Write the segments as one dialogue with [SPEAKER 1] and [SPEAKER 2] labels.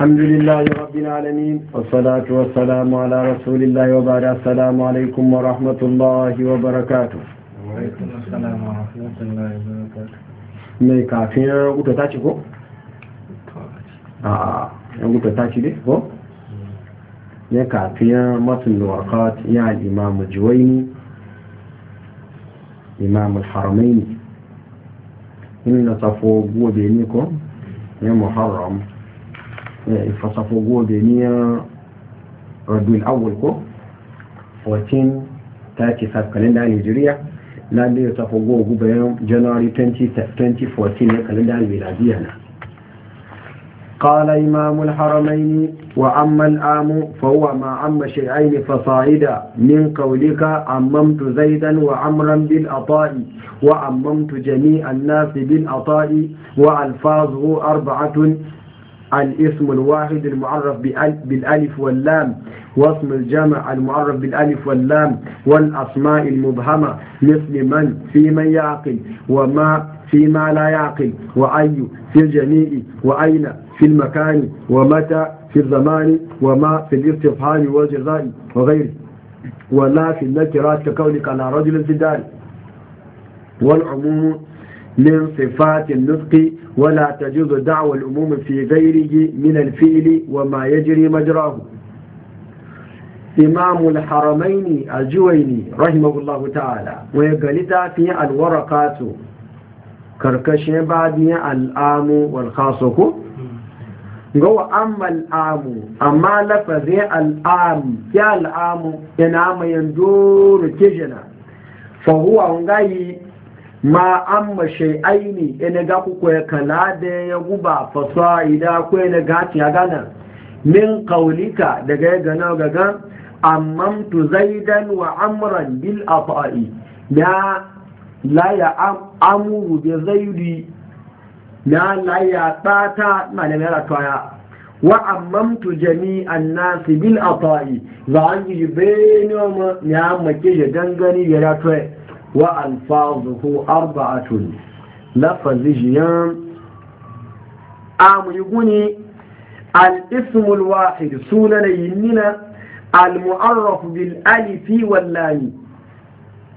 [SPEAKER 1] الحمد لله رب العالمين والصلاة والسلام على رسول الله وبعد السلام عليكم ورحمة الله وبركاته
[SPEAKER 2] وعليكم السلام ورحمة الله وبركاته
[SPEAKER 1] ميكا فين أقول تاتي كو؟
[SPEAKER 2] آه أقول تاتي دي ميكا فين مثل الورقات يا الإمام الجويني إمام الحرمين إن صفو بو يا محرم fasafogo da niyan rabiul awwal ko 1435 kalenda nigeria na da ya tafi gogu bayan
[SPEAKER 1] january 2014 na kalenda miladiya na قال إمام الحرمين وأما الآم فهو ما عم شيئين فصاعدا من قولك عممت زيدا وعمرا بالأطاء وعممت جميع الناس بالأطاء وألفاظه أربعة الاسم الواحد المعرف بالالف واللام واسم الجمع المعرف بالالف واللام والاسماء المبهمه مثل من في من يعقل وما فيما لا يعقل واي في الجميع واين في المكان ومتى في الزمان وما في الاستفهام والجزاء وغيره ولا في النكرات كقولك على رجل في الدار والعموم من صفات النطق ولا تجوز دعوى الأموم في غيره من الفيل وما يجري مجراه إمام الحرمين الجويني رحمه الله تعالى ويقلتا في الورقات كركشين بعدين الآم والخاصك قوة أما الآم أما لفظ الآم يا الآم ينام يندور كجنا فهو أنغاي ma an mashe aini ina ga ku kwaya kala da ya guba fasuwa ida kwaya na gaci a gana min kaulika daga ya gana gaga amma tu zaidan wa amuran bil afa'i ya la ya amuru yi zaidi ya la ya na da mera toya wa ammamtu jami'an nasi bil afa'i za an yi bayani ma ya make ya dangane ya ratuwa وألفاظه أربعة لفظ جيان آم الاسم الواحد سونا ليننا المعرف بالألف واللام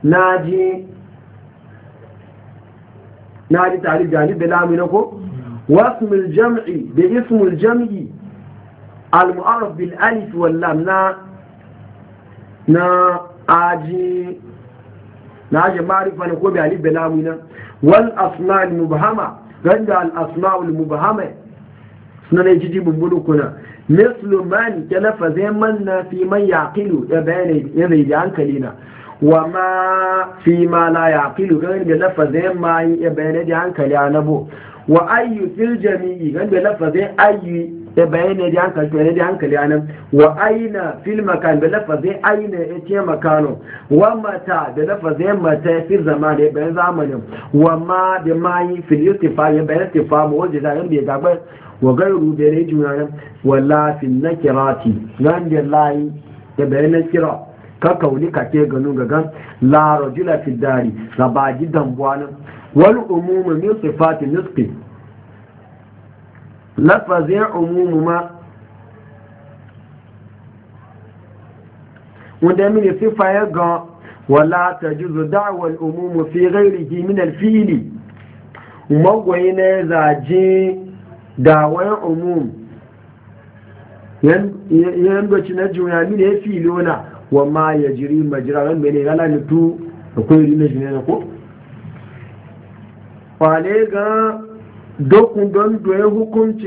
[SPEAKER 1] ناجي ناجي تعريف جانب بلام نكو واسم الجمع باسم الجمع المعرف بالألف واللام نا نا آجي na aje marifa ne ko bi alif da lamu nan wal asma al mubhama ganda al asma al mubhama suna ne jiji bumbulu kuna mislu man ke zai man na fi man yaqilu ya bayani ya zai da hankali na wa ma fi ma la yaqilu ganda zai ma ya bayani da hankali na bo wa ayyu fil jami'i ganda zai ayyu sai bayani da hankali to ne da hankali anan wa aina fil makan da lafazi aina ya ce makano wa mata da lafazi mata fil zaman ya bayan zamanin wa ma da mayi fil istifa ya bayan istifa mu waje da yan bai gaba wa gairu da ne junanan wala fil nakirati nan da layi da bayan nakira ka kauli ka ke ganu gan la rajula fil dari rabaji dan buwanan wal umumu min sifatin nisqi lafazin umumu ma wanda mini sifa ya ga wala ta juzu da'awar umumu fi gairiki min alfili magwai na ya zaje dawar umumu yan doci na juna mini ya filo na wa ma ya jiri majira ran mene rana mutu akwai rina juna na ko kwale ga dokun don doye hukunci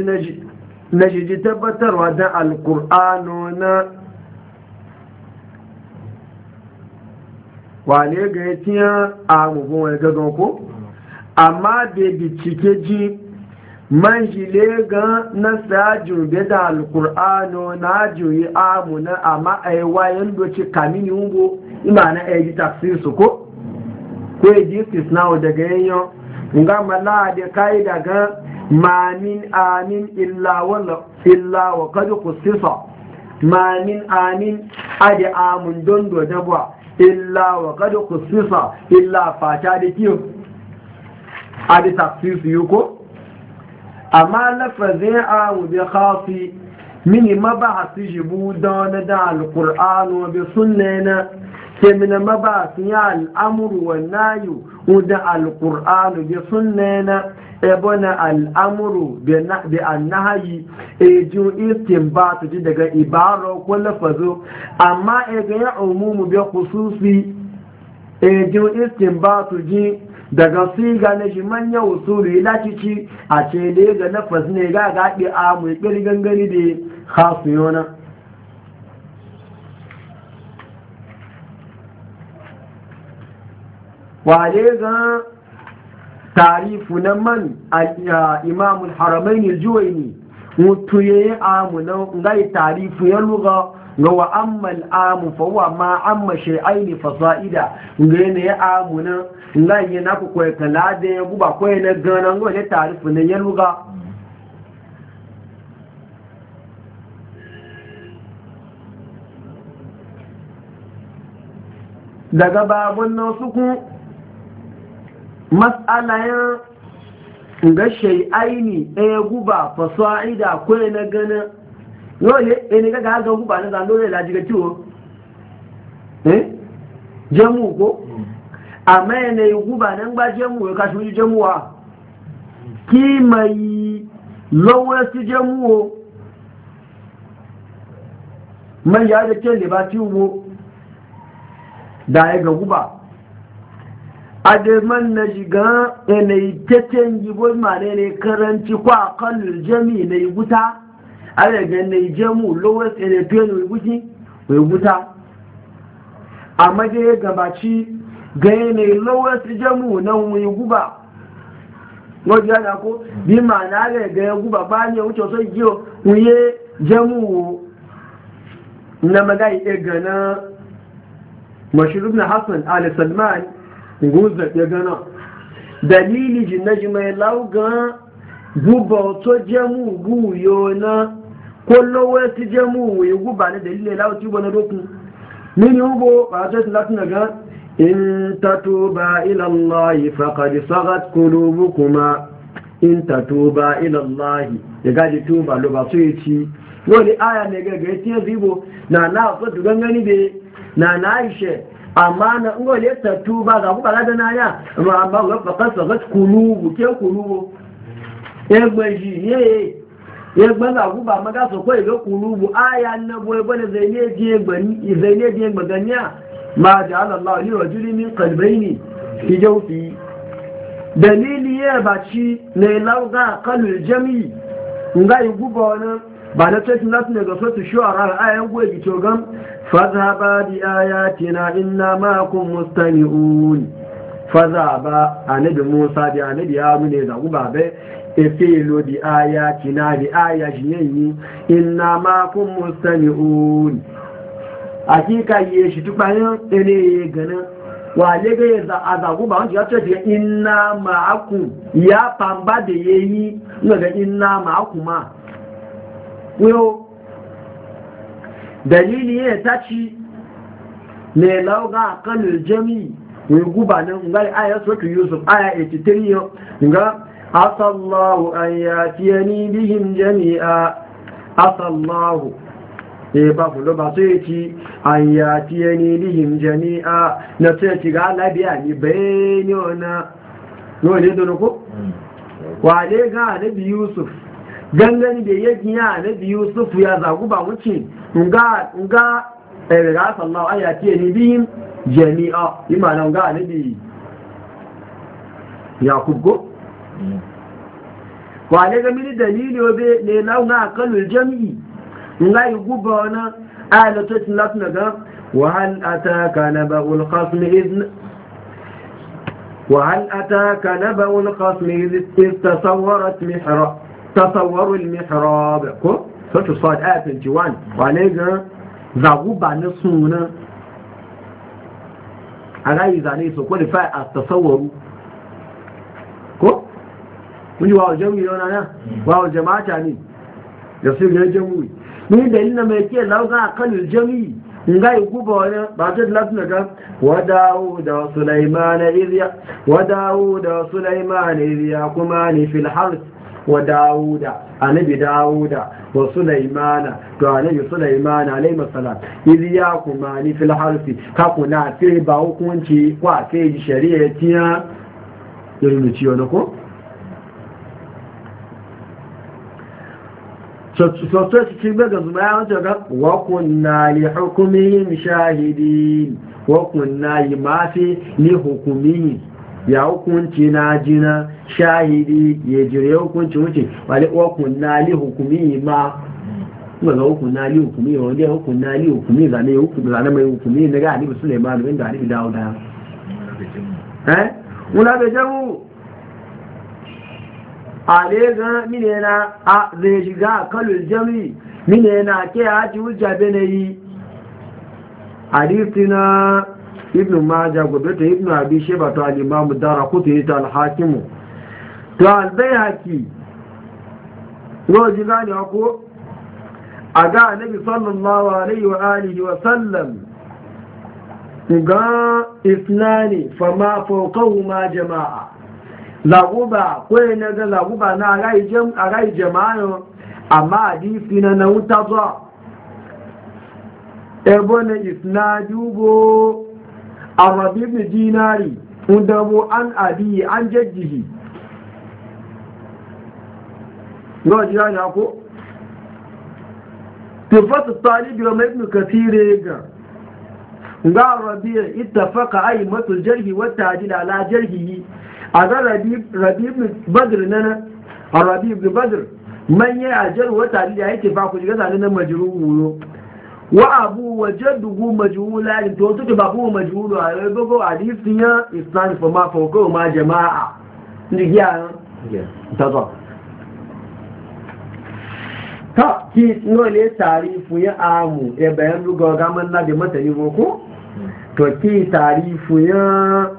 [SPEAKER 1] na shi tabbatarwa da alkur'ano na wale ga ya tiya a gugun wani gagan ko amma da bincike ji man shi ga na sajin da da alkur'ano na juyi amuna amma a yi wayan doci kamini ungo ima na ya ji tafsir su ko ko ya ji istisnawa daga yanyan nga laade da kai daga min amin illa wala illa wa qad ma min amin adi amun dondo dabwa illa wa qad qusisa illa fata da kiyo adi tafsir yuko amma lafazin amu bi khafi mini mabahasi jibu don da alqur'anu bi sunnana maba mabasin ya al'amuru wa nayu udan al'ur'anu bi sunnena ebona al'amuru bi annahayi e ju istin ba su ji daga ibaro ko lafazo amma e ga ya umumu bi khususi e ju istin ba su ji daga siga na shi manya usuri ila cici a ce da ga lafaz ne ga gaɗi a mai gangani da hasu yona wale ga tarifu na man a imamun haramai ne haramain aljuwaini mutu ya yi amu na ngai tarifu ya luga ga wa ammal amu fa wa ma amma shay'aini fasaida ga yana ya amu na ngai yana ku koy kala da ya guba koy na gana ngai tarifu na ya luga daga babun nan suku matsalayen ga shai'aini ɗaya eh, guba fasa'ida kwaye na gana yau ne ga ga guba na zando da lajiga ciwo eh jamu ko amma yana guba nan ba jamu ya kashi wuce jamuwa ki mai lowar su jamuwo man ya da kyan da ba ciwo da ya ga guba ademan na shiga yanayi eh, taccen gibo mare ne karanci kwa kallon jami na yi guta a daga na yi jamu lowes elefiyan eh, wiguti mai guta amma da ya gabaci ga yanayi lowes jamu na yi guba wajen yana ko bi ma na daga ya guba ba ne wuce so giyo wuye jamu na magai ɗaga eh, na mashirin na hassan Salman. ngun zaɓe gana dalili ji na ji mai lauga guba to jamu guyo na kollowa ti jamu yi guba na dalilin lauga ti na dokun mini hugo ba ta tilatin daga in tatuba ila Allah faqad sagat qulubukuma in tatuba ila Allah ya gaji tuba lo ba so yaci wani aya ne ga ga tiya zibo na na so gangani be na na Aisha amma na ngole ta tuba ga ku bala da naya amma amma ga fakas fakas kulubu ke kulubu egbe ji ye egbe ga ku ba maga so ko ego kulubu aya na bo ebo ne zai ne ji egbe ni zai ne ji egbe ganiya ma ja'ala Allah li rajulin min qalbayni fi jawfi dalili ya baci ne lauga qalul jami nga gubo na ba na cikin nasu ne ga fasu shuwara ayan goyi bito gan fazaba bi ayatina inna ma'akum mustami'un fazaba annabi Musa bi annabi ya mune da guba bai efelo bi ayatina bi ayatin yayi inna ma'akum mustami'un hakika yi shi tubayin ene ganin wàlé gẹ́yẹ̀ àzàgúbà ya ti yàtọ̀ ina iná ya ìyá pàmbá dèyẹ yí nígbàgbẹ́ ina màákù ma. wuyo dalili ya tachi ne lauga kanin jami mai guba nan Nga aya sotu yusuf aya 83 yo nga asallahu an yatiyani bihim jami'a asallahu e ba ku lo ba sai ci an yatiyani bihim jami'a na sai ci ga labiya ni bayani ona no ne dono ko mm. le ga nabi yusuf gangan da ya giya na biyu sufu ya zagu ba wuce nga nga ɗaya sallahu ya ce ni biyun jami'a ima nan ga nabi ya kubgo wa ne ga mini dalili obe ne na nga kalul jami'i nga yi guba wani ayatocin latin daga wahal ataka na ba'ul khasmi izn وهل أتاك نبأ الخصم إذ تصورت محرأ tasawwarul mihrab ko sautu sa'ad ayat 21 wale ga zagu ba na suna a rayu zane su qualify as tasawwaru ko mun yi wa jami'i yana na wa jama'ata ne da su ne jami'i ni da ina mai ke lauga kan jami'i ngai guba wani ba ta ga وداود وسليمان إذ وداود وسليمان في الحرث wa dawuda annabi dawuda wa sulaimana to annabi sulaimana alayhi salam iliya kuma ni fil harfi ka kuna sai ba hukunci kwa sai shari'a tiya irin ciwo na ko sosai cikin daga zuma ya wajen ga wakunna li hukumihim shahidin wakunna yi mafi li hukumihim ya hukunci na jina shahidi ya jire hukunci wuce wale wakun na li hukumi ma kuma hukun na li hukumi wanda hukun na li hukumi zane mai hukumi na ga alibu suleiman bin da alibu dawo da eh wala be na a zai shiga kalul jami mine na ke haji hujja bene yi hadisi na ibn maja gobe ta ibn abi sheba to al-imam daraqutni Ta al-hakim to al-bayhaqi roji gani ko aga annabi sallallahu alaihi wa alihi wa sallam ga isnani fama fawqahuma jama'a laguba ko ne ga laguba na agai jam agai jama'a amma hadisi na na wuta zo ebo ne isnadu bo arabi ibn dinari undabo an abi an jaddihi ga jira ya ko tafata talibi wa ibn kathir ga ga arabi ittafaqa aimatu jarhi wa ta'dil ala jarhi aga rabi rabi badr nana arabi ibn badr man ya ajar wa ta'dil ya wa abu waje jadduhu majhula in to tuke babu majhulu a yau gogo hadisi ya islam fa ma for ko ma jama'a ndigiya ta zo ta ki ngole tarifu ya amu e bayan lugo ga man na de mata ni boko to ki tarifu ya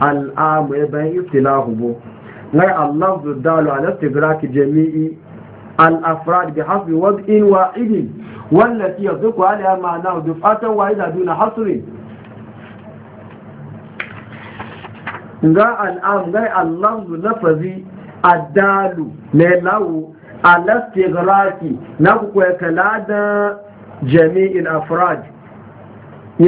[SPEAKER 1] al amu e bayan iftilahu bo ngai allah dalu ala istigraki jami'i الأفراد بحسب وضع واحد والتي يصدق عليها معناه دفعة واحدة دون حصر ga al'am ga allahu lafazi addalu mai lawo alastigraki na kuwa kalada jami'in afrad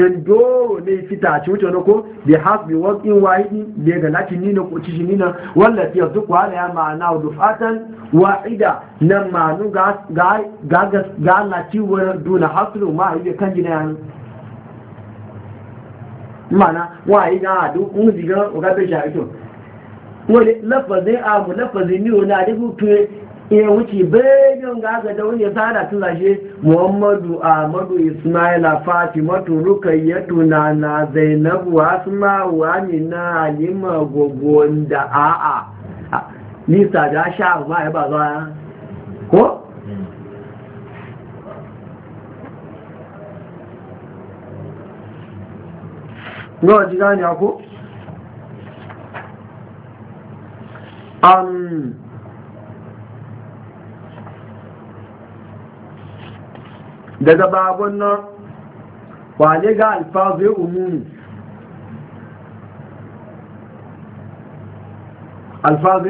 [SPEAKER 1] dole ne fita ci wuce na ko bi hasbi in wahidi bi ga lati ni na kuci shi ni na walla fi zuku ala ya ma'ana wa fatan wahida nan ma'anu ga ga ga ga lati wa duna haslu ma kan gina yan mana wa yi ga du kun diga ga be ja ito wole lafazin abu lafazin ni wona da ku tuye ya wuce bayan ga aka da wani sada tun lashe muhammadu ahmadu ismaila fatimatu rukayyatu na na zainabu asma wa amina alima gogo da a'a lisa da sha ma ya ba zuwa ko Gọ́ọ̀ ji gani ako? Um, daga babon nan kwale ga alfazai umumi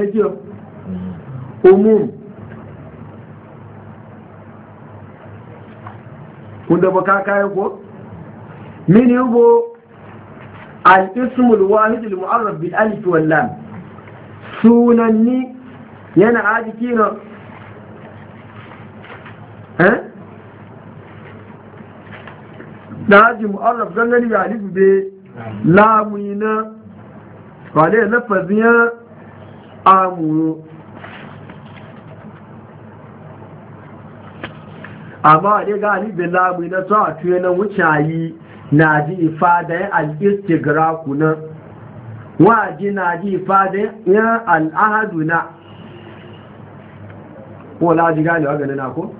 [SPEAKER 1] ya kiyo umum kunda baka kayan ko mini yugo al wahidul wahid muarraf bil alif wal lam sunanni yana ajiki na eh da haji mu'arraf gangani ga alifu be lamuna wale lafazin ya amuru amma wale ga alifu be lamuna to a tuye na wucayi na ji ifadayen al'istigraku na waji na ji ifadayen al'ahadu na ko laji gani wa ganin ako?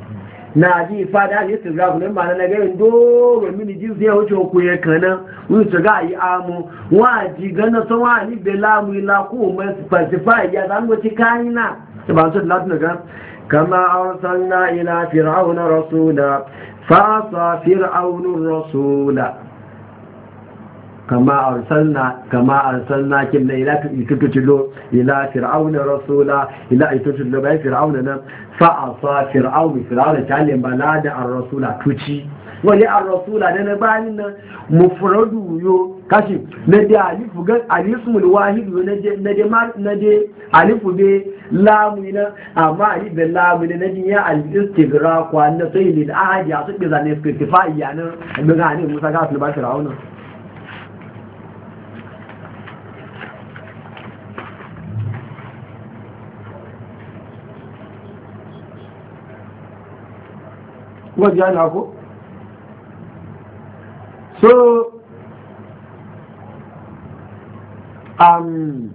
[SPEAKER 1] na ji fada ne su ga kunan ba na na gari doro mini ji zai wuce ku ya kana wani su ga yi amu wa ji gana sun wa ni be lamu ila ku mai fasifa ya zan goci kai na su ba su da latin ga kama arsalna ila fir'auna rasula fa sa fir'aunur rasula kama arsalna kama arsalna kin da ila tututilo ila fir'auna rasula ila tututilo bai fir'auna nan fa asa fir'auna fir'auna talin balada ar-rasula tuci wani ar-rasula da na bayin nan mufradu yo kashi na da alifu ga alismul wahid na je na je na je alifu be lamu na amma ali be lamu na din ya al-istighra kwa na sai lil ahadi a su bi zane istifa iyanan ga ne musa su ba fir'auna wọ́n na ko, so um,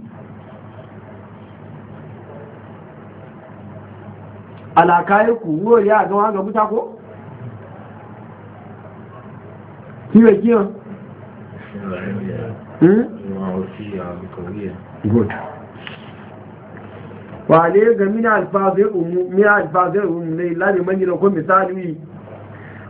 [SPEAKER 1] alakaye ku wúrò yá àgbọn wọn gbọ́n tako yi rẹ̀ kí hàn Good. wale ga mina alfazir umu ne lari manjina ko misali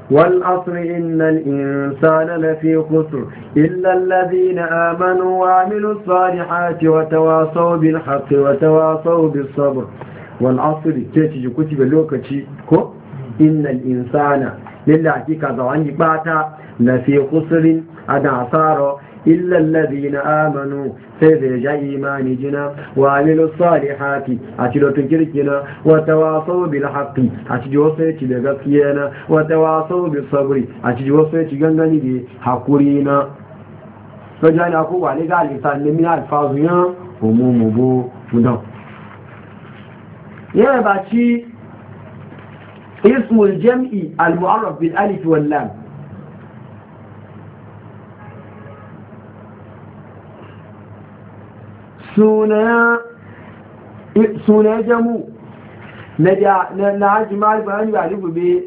[SPEAKER 1] wal asri innal insana lafi khusr illa alladhina amanu wa amilu salihati wa tawasaw bil haqqi wa tawasaw bis sabr wal asri tace ji lokaci ko innal insana lillahi kaza wani bata lafi khusrin ada asara إلا الذين آمنوا سيدرجا إيماني جنا وعملوا الصالحات أتلو تنكركنا وتواصوا بالحق أتجو سيتي بغفينا وتواصوا بالصبر أتجو سيتي غنغني دي حقورينا فجاني أقول عليك على الإنسان من الفاظيان
[SPEAKER 2] هموم بو مدو
[SPEAKER 1] يا باتي اسم الجمع المعرف بالالف واللام suna jamu na haji ma'aifu ba be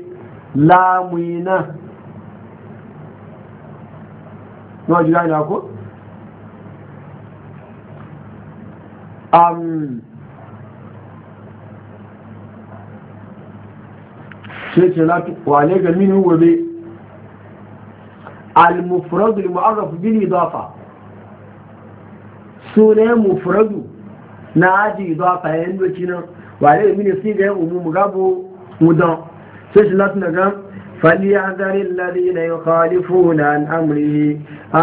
[SPEAKER 1] lamuna um, na wajen ko? al-mufradul mu'arraf bil idafa sunayen mufradu na aji zuwa fayen doki nan wale da mini sigayen umu mu gabo mudan sai shi da gan فليحذر الذين يخالفون عن أمره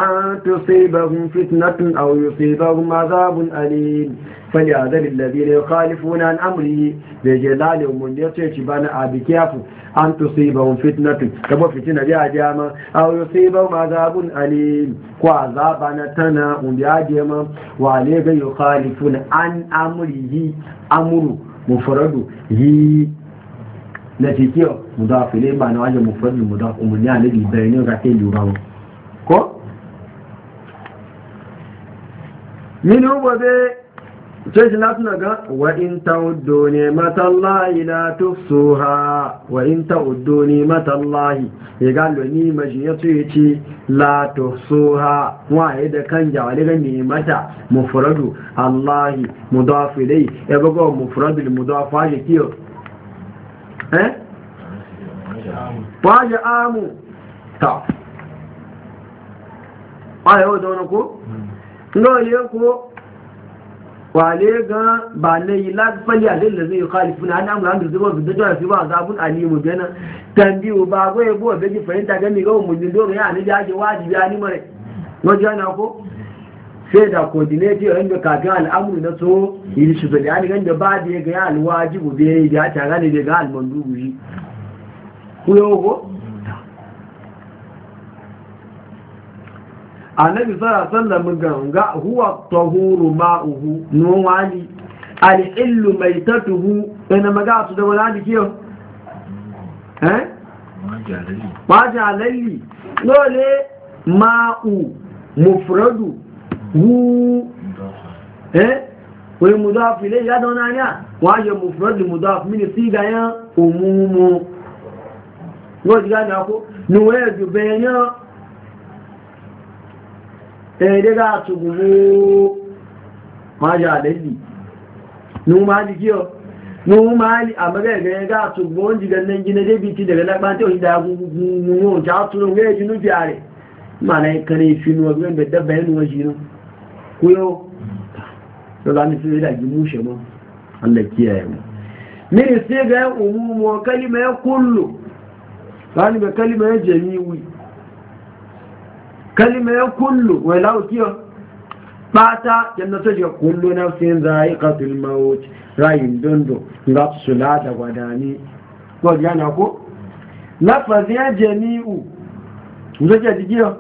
[SPEAKER 1] أن تصيبهم فتنة أو يصيبهم عذاب أليم فليحذر الذين يخالفون عن أمره بجلال من يتشبان أبكياف أن تصيبهم فتنة كما فتنة بها جامع أو يصيبهم عذاب أليم وعذابنا تنا بها جامع وعليه يخالفون عن أمره أمره مفرد هي na cikiyo mudafu ne ba na wajen mufradin mudafu umarni a nabi bayan yau kake lura mu ko min huwa be sai na suna ga wa in ta'uddu ne matallahi la ha? wa in ta'uddu ne matallahi ya ga ni mashi ya tsoye ci la tufsuha wa ya da kan jawali ga ne mata mufradu allahi mudafu dai ya bugo mufradul mudafu ya kiyo eh amu ta ba ya wadda ko? no ye ko wale ga ba na yi lafali a dalilin zai yi khalifu na ana amura da zuwa da fi ba zabun alimu bena tambiyu ba goye buwa beji fahimta gami ga umarnin doro ya anabi ake wajibi a nimare wajen na ko sai da coordinator yadda kafin al'amuru na so yi shi zai ya ganda ba da ya gaya bu da ya yi da ya tara ne daga almandu buji ku yau ko annabi sallallahu alaihi wasallam ga huwa tahuru ma'uhu nuwani al'illu maitatuhu ina maga su da wani kiyo eh majalalli dole ma'u mufradu wú ẹ́ wọ́n yí mùdáàfù ilé ìyádọ́ náà ní à wọ́n yẹ mú fúrọ́dì mùdáàfù sí ìgáyán òun mú wọ́n ti gáyàn kó ní wọ́n yẹ̀ jù bẹ́ẹ̀ yán ẹ̀ẹ́dẹ́gà àtùgbò wọ́n á yà ní wọ́n máa di kí ọ kuyo da za mu fi da gimushe mu Allah kiyaye mu min sai ga umumu kalima ya kullu yani be kalima ya jami'i kalima ya kullu wai lawo kiyo bata yanda ta je kullu nafsin za'iqatul maut rayin dondo ga sula da gwadani ko yana ko lafazi ya jami'u zake digiyo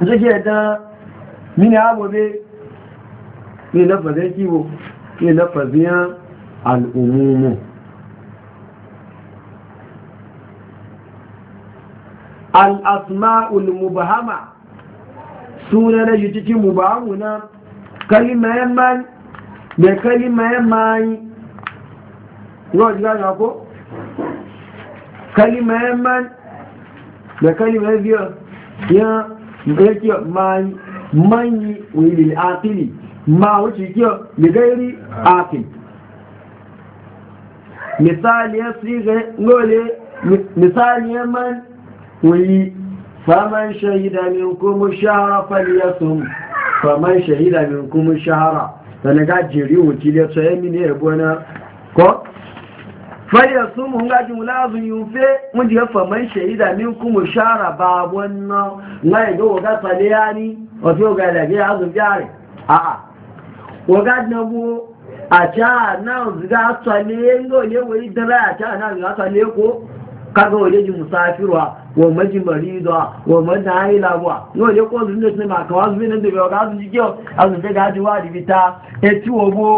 [SPEAKER 1] zake da mini abubuwa ne lafazin kiwo ne ya al'umumu al'asma'ul mubahama suna na yi cikin mubahamu na kalimayen mai da kalimayen mai yau ji gana ko? kalimayen mai da kalimayen ya yake mai manyi wilil akili ma wuce kiyo da gairi akil misali ya siga ngole misali ya man wili faman shahida min kuma shahara faliyasum faman shahida min kuma shahara da na gajeri wuce da tsaye mini yabo na ko faliyasum hun gaji mulazun yunfe mun jiya faman shahida min kuma shahara ba wannan na ya ga waga ni." wọ́n tí ó ga ilẹ̀ bí azùn àà wọ́n gá dínàbó àṣà náà zùgá sọlé ńlọ léwọ ìdánlá àṣà náà zùgá sọlé kó kaga wọ́n léjì musafirwa wọ́n mọ́jì mọ̀rídọ́ wọ́n mọ́jì àìlàwọ̀ náà lé kó zùn lóṣù mà kàwá zùn nínú ìbẹ̀rẹ̀ ọ̀gá zùn jíjẹ́ azùn fẹ́ gáàdì wá àdìbí ta etí wọ́n bó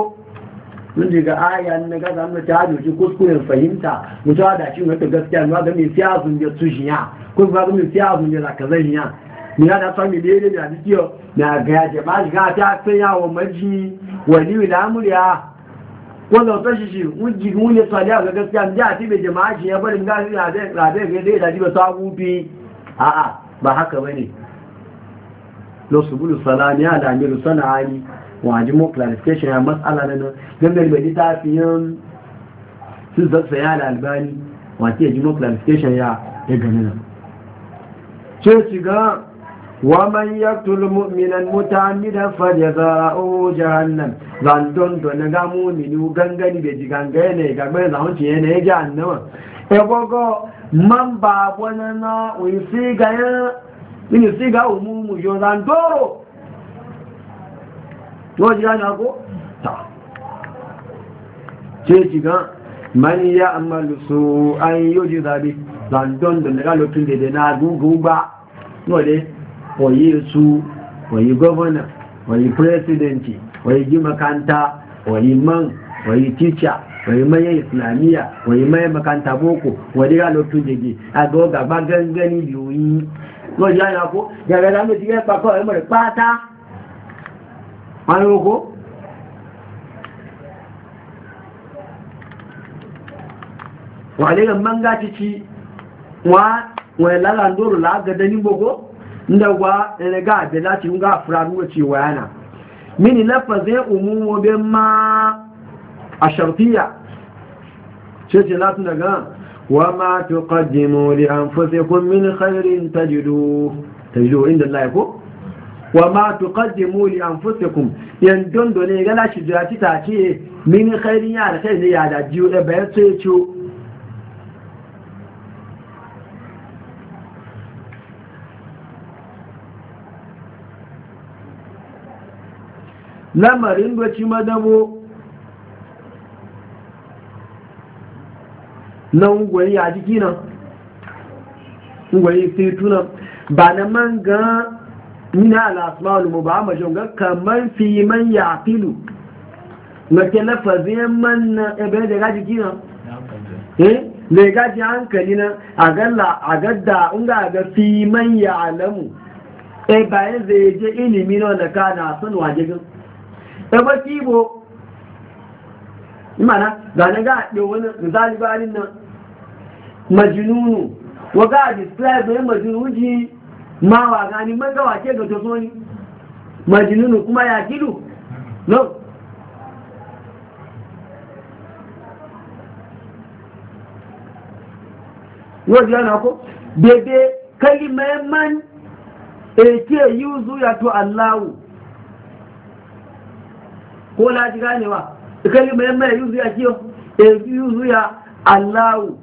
[SPEAKER 1] mun daga aya na gaza mun ta doji kuskuren fahimta mu ta da mu mun ta gaskiya mun ga mi fiya zun da tushiya ko ba ga mi fiya zun la kaza mina da son miliyari da dikiyo na gaje ba shiga ta sai yawo maji wani lamuriya ko da ta shishi mun wuni tsali a gaskiya da a tibe jama'a shi ya barin gasi na zai rabe ga dai da jiba sabu fi a'a ba haka bane lo subulu salami ya da miru sana'ani waji mo clarification ya mas'ala nan dan da bai ta fiyan su zai saya da albani wace ji mo clarification ya ya ganin ce shiga ومن يقتل مؤمنا متعمدا فجزاؤه جهنم زندون دون غامو منو غنغني بيجي غنغني غامو زاون تي نه جهنم ebogo man ba bona na uisi ga ni si ga umu mu yo zandoro no jira na ko ta ce ci ga man ya amalu su an yuji zabi zandon da ga lotun de na gugu ba no de wayi su wayi gwamna wayi presidenti wayi ji makanta wayi man wayi teacher wayi mayan islamiyya wayi mayan makanta boko wayi ga lokacin jege a ga gaba gangani biyoyi wọ́n yá ya kó yàrá ìlànà ti yẹ́ pàkọ́ ẹ̀mọ̀ rẹ̀ pátá wọn ló kó wà lè mọ́ngá títí wọ́n lára ń dóró lágẹ́dẹ́ ní gbogbo ndagwa ga da lati ga furaru cewa wayana, mini lafazin umumu bin ma a shartiya ce ce lati daga wa ma tuqaddimu li anfusikum min khairin tajidu tajidu inda Allah ko wa ma tuqaddimu li anfusikum yan dondo ne ga lati da ci ta ce min khairin ya da kai ne ya da jiyo da e bayan sai ciwo lamarin gwaci madabo na ungwani a jiki nan ungwani sai tunan ba na man ga nina al'asmalu mu ba a mashin ga kamar fi man ya filu na ke lafazin man na ebe da ga jiki nan eh da ga ji hankali nan a galla a gadda unga ga fi man ya alamu eh bayan e zai je ilimi na ka na sun waje ɗaba tibo imana ga na ga ɗe wani misali bayanin nan majinunu wa ga describe majinunu mawa gani man gawa ga toso ni majinunu kuma ya kilu no yóò di ọ̀nà bèbè ko laji ganewa kai yamma ya yuzu ya kiyo ya yuzu ya allahu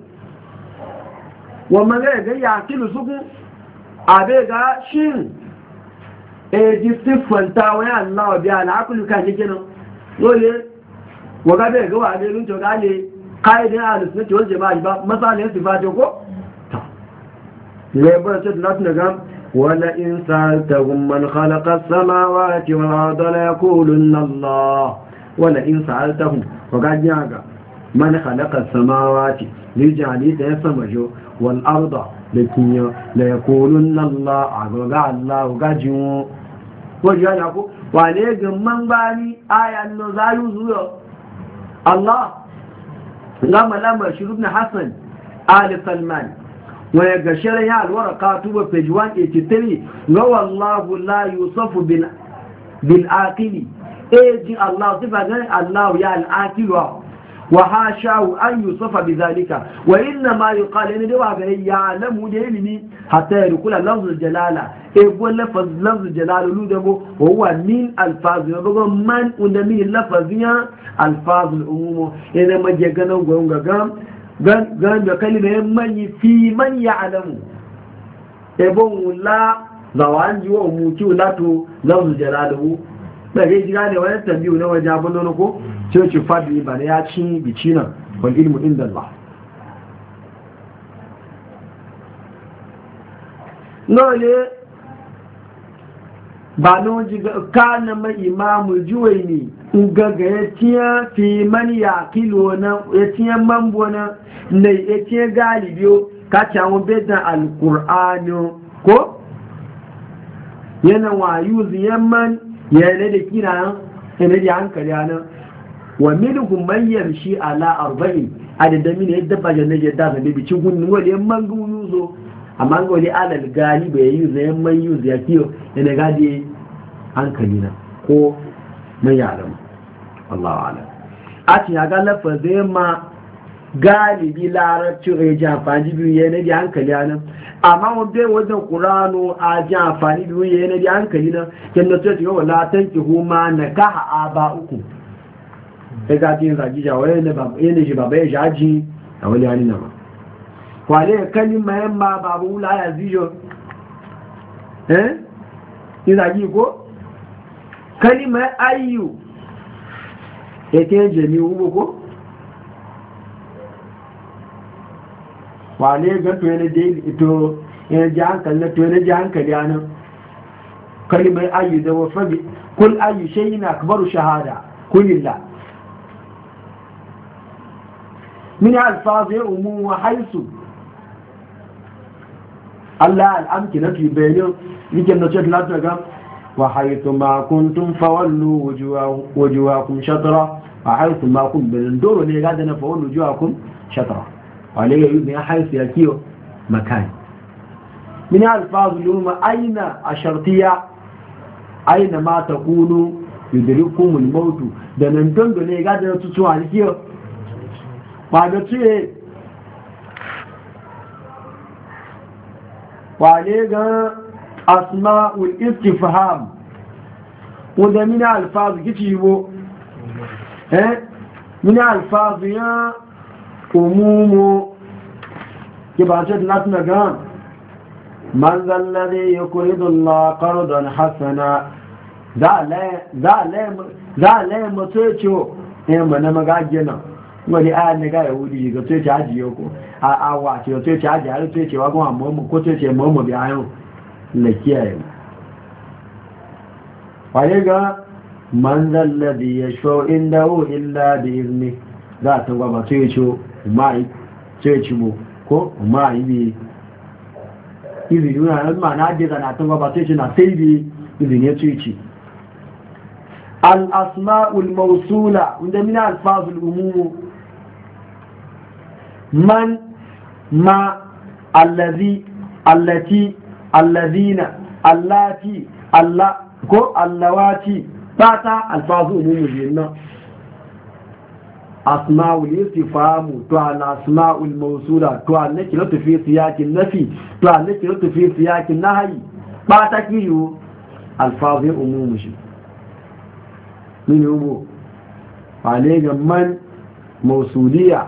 [SPEAKER 1] wa magana ga ya kilu suku abe ga shin e ji siffanta wa allah bi ala akulu ka ke kenan dole wa be ga wa be lun to ga kaidin ahlus sunnati wal jama'a ba masalin sifato ko ta ne ba ta da na ga ولئن سألتهم من خلق السماوات والأرض ليقولن الله ولئن سألتهم وقد يعقى من خلق السماوات لجعليت يسمجو والأرض لكي ليقولن الله عقى الله قجو وجعل يقول وعليك من باني آية النزاع يزوي الله لما لما شروبنا حسن آل سلمان waya ga shari'a alwaraka tuba page 183 ga wallahu la yusafu bil bil aqili eji Allah sifa ga Allah ya al aqilu wa hashahu an yusafa bidhalika wa inna ma yuqal in dawa ga ya'lamu da ilimi hatta yarkula lafzul jalala e go lafaz lafzul jalala lu da bo wa huwa min alfaz man ina gan da kalimar manyi fi man ya alamu ebon wula, la zawan jiwa umuki lato lafzu Da daga jira ne wani tambiyu na wajen abin nono ko sai fadi ba na ya ci bici nan wal ilmu da ba nawa ne ba nun ji kana ma imamu ga ga ya tiya fi man ya kilo na ya tiya mambo na ne ya tiya galibiyo ka ci awon bedan alkur'ani ko yana wayu ziyamman ya ne da kira ya ne da hankali nan wa minhum man yamshi ala arba'in adadamin yadda ba jannaje da zabe bi ci gunnin wali man gunnuzo amma ga wani alal gani bai yi zai man yi zai kiyo yana gadi hankali na ko mai yaran Allah ala a ci ga lafa zai ma galibi larabci a ji amfani biyu ya yana da hankali nan amma bai wajen kurano a ji amfani biyu ya yana da hankali nan yadda sai shiga wala ki huma na kaha a ba uku sai gadi yin zagi jawo yana shi baba ya jaji a wani hali na ba wàlẹ́ kẹ́límà ẹ máa ẹ́ ìràyí ìkó kẹ́límà ayíyù ètẹ́ ẹ̀jẹ̀ ní owókó wàlẹ́ ga tó ẹnẹ́jẹ́ hankali tó ẹnẹ́jẹ́ hankali anan kẹ́límà ayíyù da wọ́n fẹ́bi kún ayíyù ṣe yìí na akbaru shahada kúlìlá min alfazin umuwa Allah al'amki na tubenin yake na cikin latin ga wa haitu ma kuntum fawallu wujuhakum shatra wa haitu ma kun bin doro ne ga dana fawallu wujuhakum shatra wa ne ya yubi haitu ya kiyo makani min alfazu ma aina ashartiya aina ma takunu yudrikumul mautu da nan dondo ne ga dana tutuwa kiyo ba da tuye wale asma asma'ul istifham wanda mina alfazu kici bo eh mina alfazu ya umumu ki ba ce lati na gan man zallade ya kuridu Allah qardan hasana za a la ya ce eh mana magagina wani ayan ga yahudi ga ce ta ajiye ko a awa a cewa tuyace a jihari tuyace wa goma mamu ko tuyace mamu bi ayon na kiyaye ga man ya sho inda hu illa da izini za a tangwa ba tuyace ma'i tuyace mu ko ma'i bi izini yana nan ma na ajiye zana tangwa ba tuyace na sai bi izini ya tuyace الأسماء الموصولة عندنا الفاظ الأمور من ma allazi allati allazina allati allah ko allawati fata alfazu umumu jinna asma'ul istifamu to al asma'ul mawsula to al nakira fi siyakin nafi to al nakira fi siyakin nahyi fata kiyo alfazu umumu shi min yubo ale ga man mawsuliya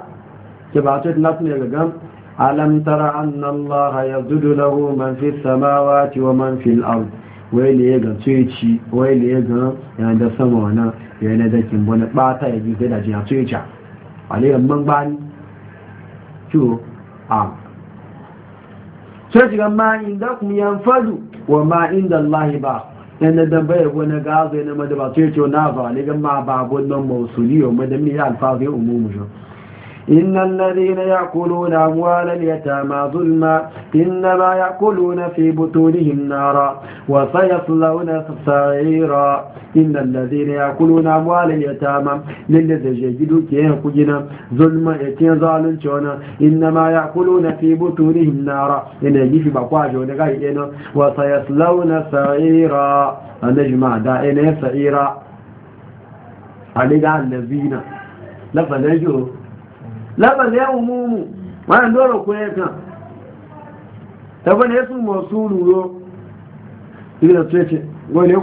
[SPEAKER 1] ke ba ta latin ga gam ألم تر أن الله يبدد له من في السماوات ومن في الأرض wayne ya ga tsoyici wayne ya ga da sama wana yana da kin wani bata ya gizo da jiya tsoyica alayan man bani to a sai shiga ma inda kuma yan fadu wa ma inda Allah ba yana da bayar wani gazo yana madaba tsoyici na ba ne ga ma ba gudun mausuli wa madami ya alfazi umumu shi إن الذين يأكلون أموال اليتامى ظلما إنما يأكلون في بطونهم نارا وسيصلون سعيرا إن الذين يأكلون أموال اليتامى للذي يجدوا كيه كجنا ظلما يتين ظالم شونا إنما يأكلون في بطونهم نارا إن يجي في بقواجه ونغاية وسيصلون سعيرا النجمع دائنة سعيرا عليك الذين لفظ نجوه lábàlẹ̀ òmúmù wọ́n ń lọ́rọ̀ kún ẹ̀kan tàbí ẹ̀sù mọ̀ rọ tó ẹ̀kẹ́ wọ́n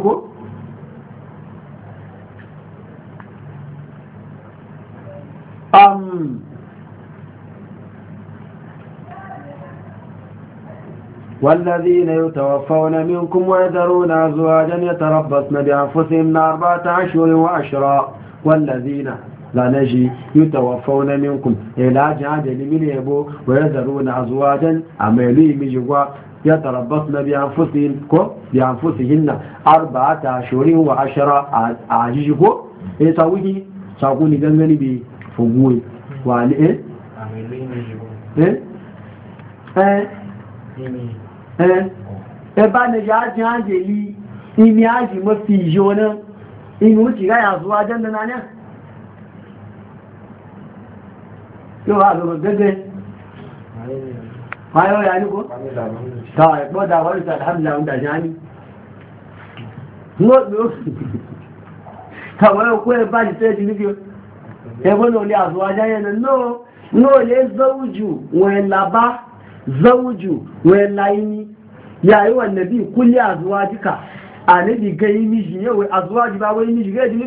[SPEAKER 1] والذين يتوفون منكم ويذرون أزواجا يتربصن بأنفسهم أربعة أشهر وأشرا والذين zane shi yi tawafau na minkum ya lajin ajali mini yabo wa ya zaro na azuwajen a mai lui miji gwa ya tarabbas na biyan fusihin na arba ta shirin wa ashara a ajiji ko ya eh, sa wuki sako ni gangani bi fuguwe wa ni eh eh eh eh eh ba na yajin ajali imi aji mafi yi wani imi wuce ga yazuwa jan da na nan yóò wá lọ́rọ̀ gẹ́gẹ́ máa yọ́ yà ní kó tàà ẹ̀gbọ́dà wọ́n ìta àmìlà ìdàjá ní kàwọn ẹ̀kọ́ ẹ̀ bá jẹ́ ẹ̀jì níbi ẹgbọ́n náà lè àzọ ajá yẹn náà lè zọ́wùjù wọ́n lábá zọ́wùjù wọ́n láyíní yàrí wà nàbí kúlé àzọ ajíkà àníbi gẹ́ yìí níjì yẹ́wẹ̀ àzọ ajíbáwẹ́ níjì gẹ́ ìdílé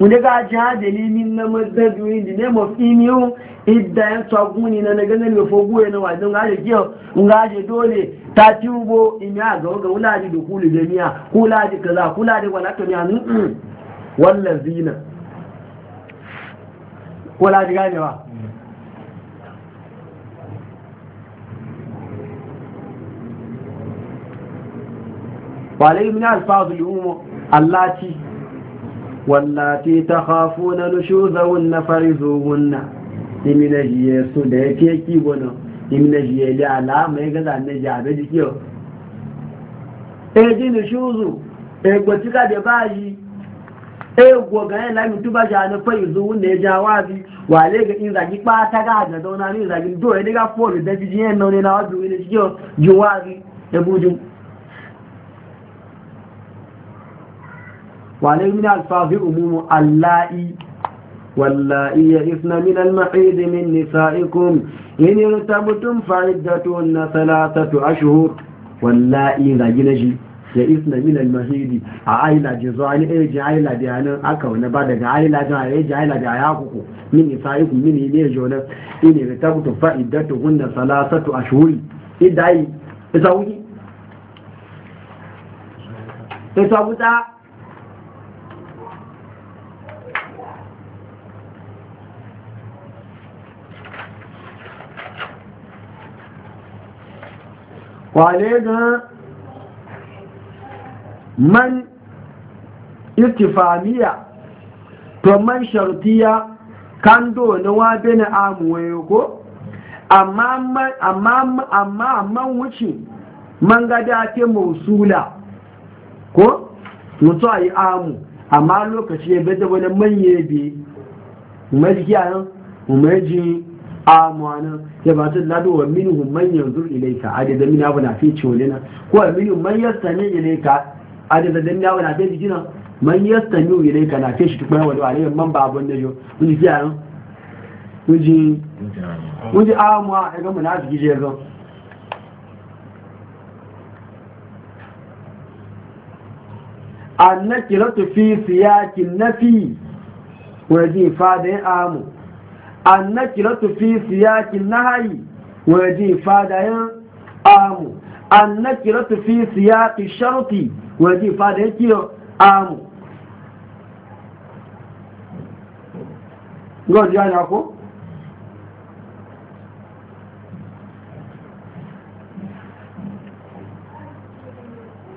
[SPEAKER 1] wanda ga ji ha dalilin na mazabi in the name of imiyu idda yan na naganar mai fogu ya na wajen ga ji kiyo ga ji dole ta tubo ugo ya ga ga wula ji da kulu da miya kula ji kaza kula ji wala to miya nun mm, mm. wallan zina kula ji gane wa walayi min alfazul umu allati wallati takhafuna nushuzahunna farizuhunna imina jiye su da yake ki gona imina jiye alama ya gaza ne jabe jikiyo eji nushuzu egbotika da bayi egwo ga yana mi tuba ja na farizuhunna ya jawabi wale ga in zagi pata ga da zauna ni zagi do ne ga fori da jiye nan ne na wabi ne jikiyo juwabi ebujum وعليه من الفاظ أموم اللائي واللائي إثن من المحيد من نسائكم إن ارتبتم فعدتون ثلاثة أشهر واللائي رجنجي ya isna min mahidi a aila ji zo ani eh ji aila da yana aka wani ba daga aila da ya ji min isai ku min ne jo na ine da ta kuto fa'idatu hunna salasatu ashhur idai ita wuki ita wuta wale na man istifamiya to man shartiya kan do na wabe na ko amma amma man wuce man gada ce mausula ko mutu a yi amu amma lokaci ya bada wani manye bi mai jiya mai jini amana ya ba ta lado wa minhum man yanzur ilayka adada min abu na fi cholina ko wa minhum man yastami ilayka adada da min abu na fi jina man yastami ilayka na fi shi tukwa wa alayhi man ba abun najo mun ji yaran mun ji mun ji amwa ga munafiki je ga annakiratu fi siyakin nafi wajen fadin amu annakiratu fi siyakin nahayi waje fadayen amu annakiratu fi siyaqi sharti waje fadayen kiyo amu God ya na ko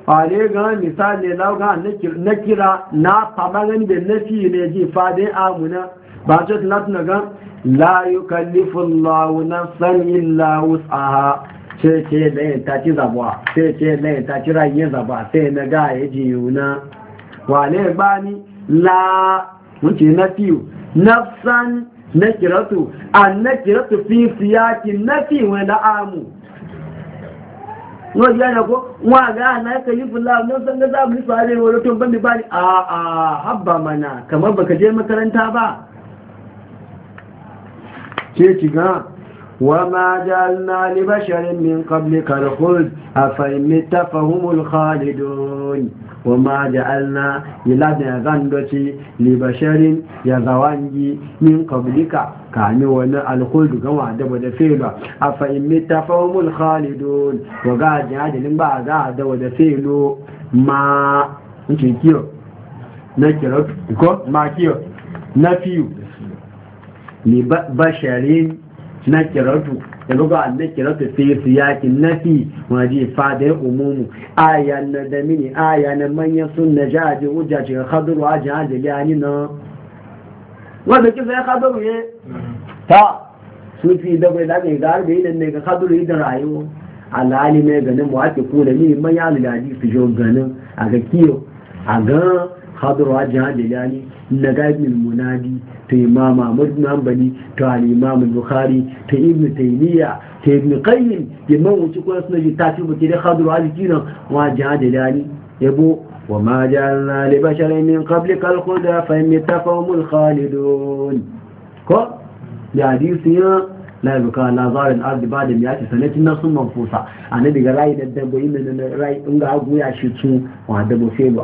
[SPEAKER 1] ga misali lau na kira na tabangan da nafi ne ji fadayen amuna ba ce tunatuna gan la yukallifu Allahu nafsan illa wus'aha sai ce layin ta ci zabuwa sai ce layin ta ci rayin zaba sai na ga ya ji yuna wane ba ni la wuce na fiyu nafsan na kiratu an na kiratu fi siyaki na fi wani la'amu wọ́n yára kó wọ́n ga aláìka yìí fún láàrín náà sanga za mu nufa arewa rotun ban da ba ni a a habba mana kamar baka je makaranta ba sai ki وما جعلنا لبشر من قبلك الخلد أفإن مت فهم الخالدون وما جعلنا إلى ذنبتي لبشر يزوانجي من قبلك كان وانا الخلد كما عدب دفيلة أفإن مت فهم الخالدون وقاعد جهاد لنبع قاعد ودفيلو ما نكيو نكيو نكي ما كيو نفيو ni na li basharin nakiratu yabuga annakiratu fi siyakin nafi waji fadai umumu aya na damini aya na manyan sunna jaji hujja ce khadru aji haji yani na wanda kisa ya khadru ye ta sufi da bai da ne ga arbe idan ne ga khadru idan rayuwa alali ne ganin mu ake kula ni man ya lalaji su jo ganin a ga kiyo a ga hadirwa jihar lilani na gabin munadi ta imam ahmad bin hanbali ta al-imam bukhari ta ibn taymiya ta yi ibn da imam wuce kuma suna ji tafi ba ke da hadirwa jikinan wa jihar lilani yabo wa ma ja'alna li basharin min qablika al-khuda fa in tafawmul khalidun ko da hadisi ya la yuka na zarin ardi ba da miyati sanatin na sun manfusa annabi ga rayi da dabbobi ne rayi in ga agu ya shi tun wa dabbo sai ba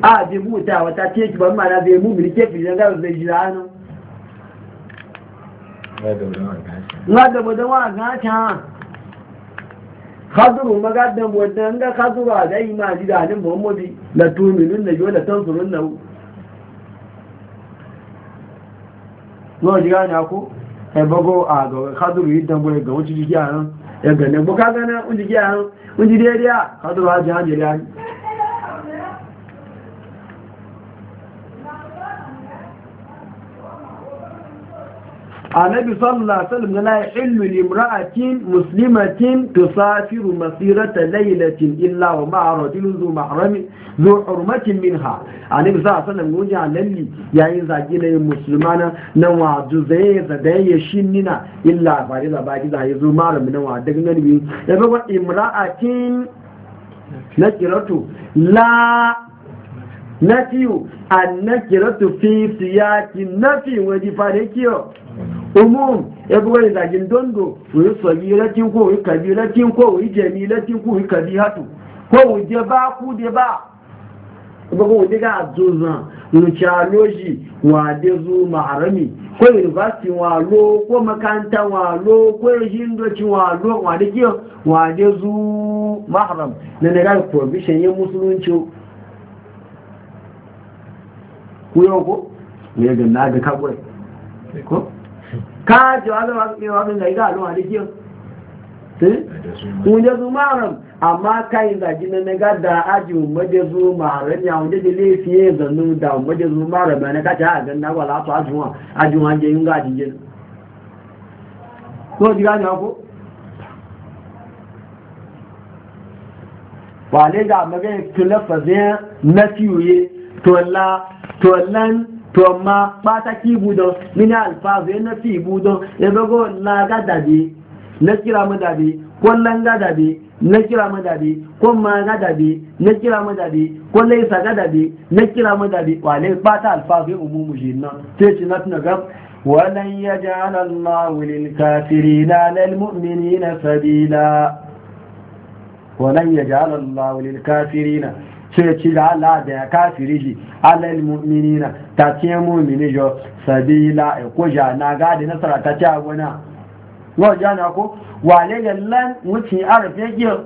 [SPEAKER 1] a bi buta wata ce ki ban mana zai mu mini ke fiye ga zai jira hannu na da bada wa gata khaduru magadan wannan ga khaduru a dai ma ji da nan muhammadi la tuminun na yola tansurun na no jira na ko e bago a ga khaduru yidan bore ga wuci jiki ya ga ne bu ga na unji ki a nan unji khaduru ha ji ha annabi sallallahu alaihi wasallam la yahillu limra'atin muslimatin tusafiru masirata laylatin illa wa ma'a rajulun zu mahrami zu hurmatin minha annabi sallallahu alaihi wasallam gunja lalli yayin zaki na musulmana na waju zai zadaye ya shinnina illa bari da baki da yazo malami na wa daga ganbi ya ba imra'atin nakiratu la nafiyu annakiratu fi siyaqi nafi wani da kiyo umum ebuwa izagin dondo wuri sabiratin ko wuri kabiratin ko wuri latin ko wuri kabihatu ko wuje ba ku de ba gbogbo wuje ga azuzan nucialoji wa de zu ma'arami ko university wa lo ko makaranta wa lo ko hindoci wa lo wa de kiyo wa de zu mahram na ne ga provision yin musulunci ku yau ko ne ga na ga kakwai ko Ka alọ́wọ́gbẹ̀wọ́gbẹ̀ ga iga alọ́wọ́ adékíọ́ oúnjẹ tó márùn àmá káyìn ìdàjí da ájì òmọ́jẹ tó márùn a àwọn jẹ́jẹ́ lè fi ẹ̀zọ̀nù da òmọ́jẹ tó to amma ɓata budon mini alfazu ya nafi budon ya zago laga dabe na kira mu dabe ko ga dabe na kira mu dabe ko ma ga dabe na kira mu dabe ko laisa ga dabe na kira mu dabe wale ɓata alfazu ya umumu shi nan sai ci na tuna gab ولن يجعل الله sabila على المؤمنين سبيلا ولن يجعل الله للكافرين sai ci da Allah da ya kafiri shi alal mu'minina ta ce mu'mini jo sabila e ko ja na ga da nasara ta wa ja na ko wa ne ga lan wuce arab ya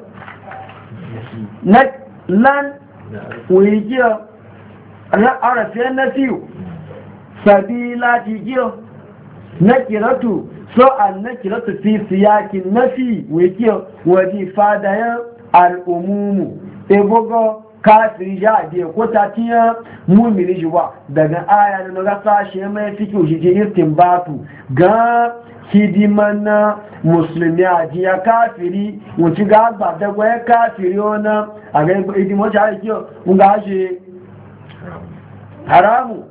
[SPEAKER 1] na lan wuce ki ra na sabila ti ki na kiratu so an na kiratu fi siyakin nafi al'umumu ebogo kafiri ya je ko ta tiya mumini ji ba daga aya na ga sashi mai fiki shi je istinbatu ga hidiman musulmi a jiya kafiri wuci ga ba da gwaye kafiri ona a ga hidiman ja ki ga shi haramu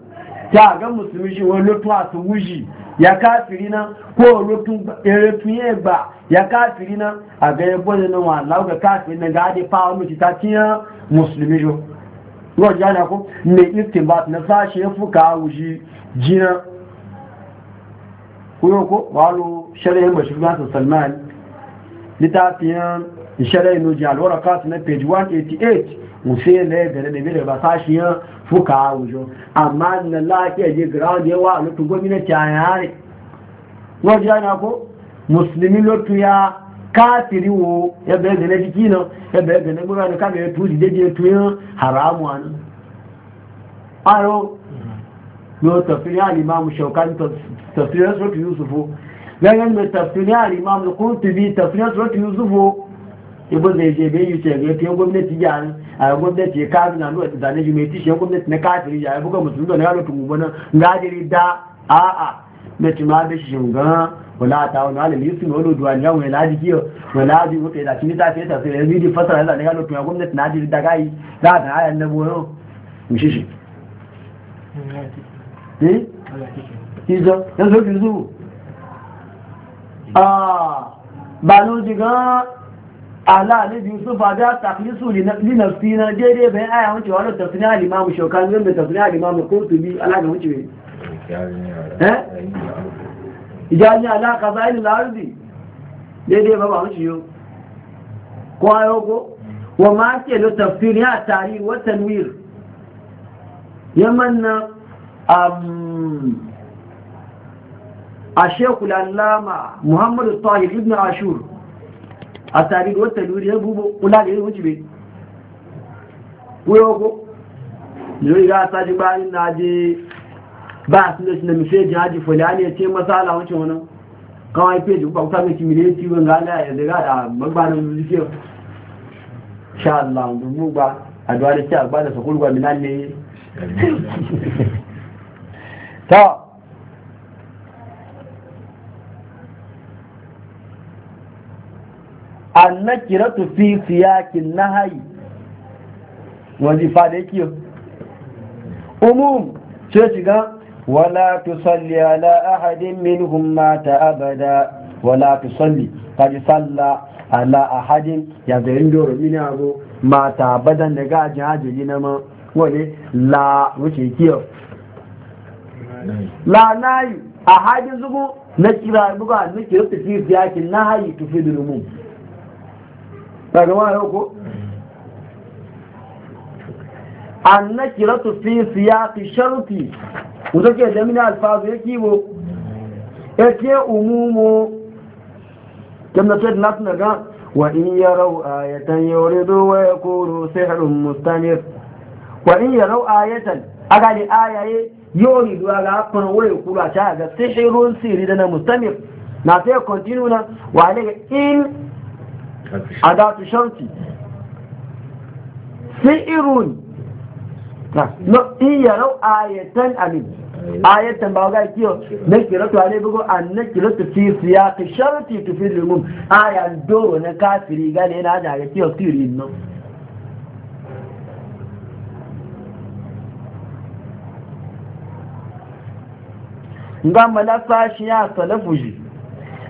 [SPEAKER 1] ta ga musulmi shi wani lutu a su wuji ya kafiri na ko rotun ya ba ya kafiri na a ga ya bane na wala ga kafiri na ga adi fa mu ta tiya musulmi jo ko jana ko ne ba na shi ya ka wuji jina ko ko walu sharhi mashrubat salman litafiyan ìṣẹ́lẹ̀ inú jẹ́ alwọ́rọ̀kát ní page 188 mufe lẹ́gbẹ̀rẹ̀ da bílẹ̀ ba sashiyan fuka àwùjọ amma na láàkẹ́ jẹ́ ground yawa a lótú gómìnàtì àyàrí wọ́n musulmi ya wo na tó dìde jẹ́ haramu alimamu alimamu ibo zai je bai yi ce ga gwamnati ya a gwamnati ya kazi na nuna zane shi mai tishe gwamnati na kafiri ya buga musulmi da na yaro tun gubanin gajiri da a'a na ma da shi shingan wala ta wani halin yusuf wani duwa ne wani ladi kiyo wani ladi mutu ya shi ta fiye tasiri yanzu yi fasara da yaro tun gwamnati na jiri da gayi za a tana yan nabo yau mishi shi. Ijo, eh? yanzu ki zu. Ah, ba lo jigan ala ne biyu sun fa da taklisu li nafsi na daidai bayan aya wuce wa da tafsirin al-imamu shaukan zan da tafsirin al-imamu qurtubi ala ga wuce ne eh ya ala qazail al-ardi daidai ba ba wuce yo ko ayo ko wa ma ke lo tafsirin ya tari wa tanwir yamanna am a shekul allama muhammadu tahir ibn ashur a tarihi wata ya bubo kula da yin wuce bai wuyo ko yau ga sa ji bayan na je ba a suna shi na mishe jin haji fulani ya ce masala wancan wani kawai peji ba kusa mai kimile ciwon gana ya zaga da magbanin zuciya sha Allah mu ba a duwa da ci a ba da sakulu ba minan ne ta annakiratu fi siyakin nahayi wajifa da yake umum ce shiga wala tusalli ala ahadin minhum mata abada wala tusalli ji salla ala ahadin ya zayin doro mini abu mata abadan da gajin hajji na ma wani la wuce kiyo la a ahadin zubu na kira buga na kira tafi siyakin hayi tufi da umum an na kira fi siyasi sharti wuta ke da mini alfazu ya kibo ya ke umumu kemna sai na suna ga wa in ya rau ayatan ya wuri dowa ya koro sai harin mustanir wa in ya rau ayatan aga ne ayaye yori duwa ga hafin wuri kura ta ga sihirun siri da na mustanir na sai kontinu na wa ne in adatu sharti fi'irun no iya rau ayatan amin ayatan ba ga kiyo na kiratu ale bugo an na kiratu fi siyaq sharti fi mum ayan do na kafiri ga ne na da ga kiyo tirin no nga na fashiya ya salafu